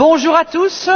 bonjour à tous.